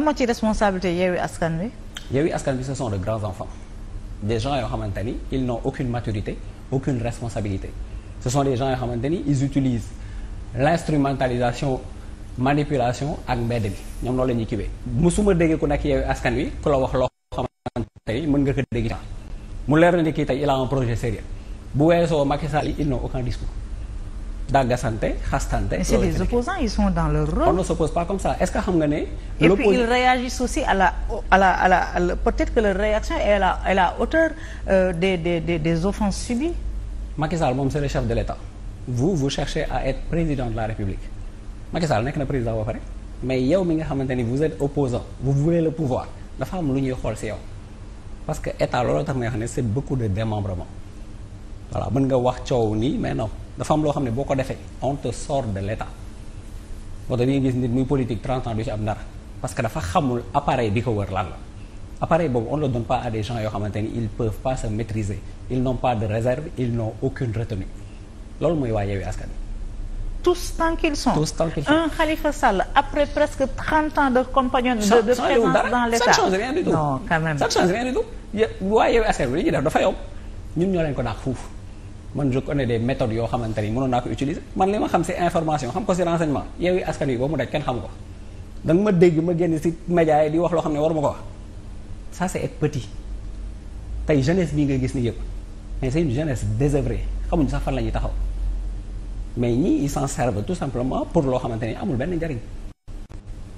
lan moo ci responsabilité Yewwi Askan Wi. Yewwi Askan Wi ce son de grands enfants des gens yoo xamante ni ils n'ont aucune maturité aucune responsabilité ce sont des gens yoo xamante ni ils utilisent l'instrumentalisation manipulation ak mbedd bi ñoom loolu la ñuy kiwee musuma déggee ku nekk Yewwi Askan Wi ku la wax loo xamante ni mën nga ko dégg mu leer na ni kii tey il a un projet sérieux bu weesoo Macky Sall ils n'ont aucun discours dàggasante xastante. mais c'est les opposants ils sont dans leur rôle. on ne s'oppose pas comme ça est-ce que xam nga ne. et puis ils peut-être que leur réaction est la à euh, des des offenses subies. Macky moom c'est le chef de l'État vous vous cherchez à être président de la République Macky nekk na président ba pare mais yow mi nga xamante ni vous êtes opposant vous voulez le pouvoir dafa am lu ñuy xool ci yow parce que état loolu tax nga xam ne nga wax coow dafa am loo xam ne boo ko defee on te sort de gis nit muy politique 30 ans du parce que dafa xamul appareil bi ko wër lan la appareil boobu yoo xamante ni ils peuvent pas se maîtriser ils n'ont pas de réserve ils n'ont aucune retenue loolu mooy waa Yewwi Askan tous tant qu'ils sont tous tant qu'ils sont un Khalifa l'État ça li ñuy def dafa yomb ñun ñoo leen ko daax foofu man je ne des méthodes yoo xamante ni mënoon naa ko utiliser man li ma xam si information xam ko si renseignement yow yi askan wi ba mu daj kenn xamu ko da ma dégg ma génn si média di wax loo xam ne waruma ko wax ça c'est être petit tey jeunesse bii ngay gis ni yëpp mais c'est une jeunesse désœuvrée xamuñu sax fan la ñuy taxaw mais ñii ils s'en servent tout simplement pour loo xamante ni amul benn njariñ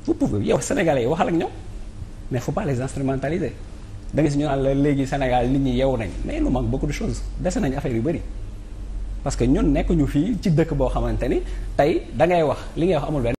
vous pouvez yow sénégalais yi waxal ak ñoom mais faut pas les instrumentaliser da nga si ñu naan la léegi Sénégal nit ñi yow nañ mais lu manque beaucoup de choses dese nañ affaire yu bëri parce que ñun nekkuñu fii ci dëkk boo xamante ni tey da ngay wax li ngay wax amul benn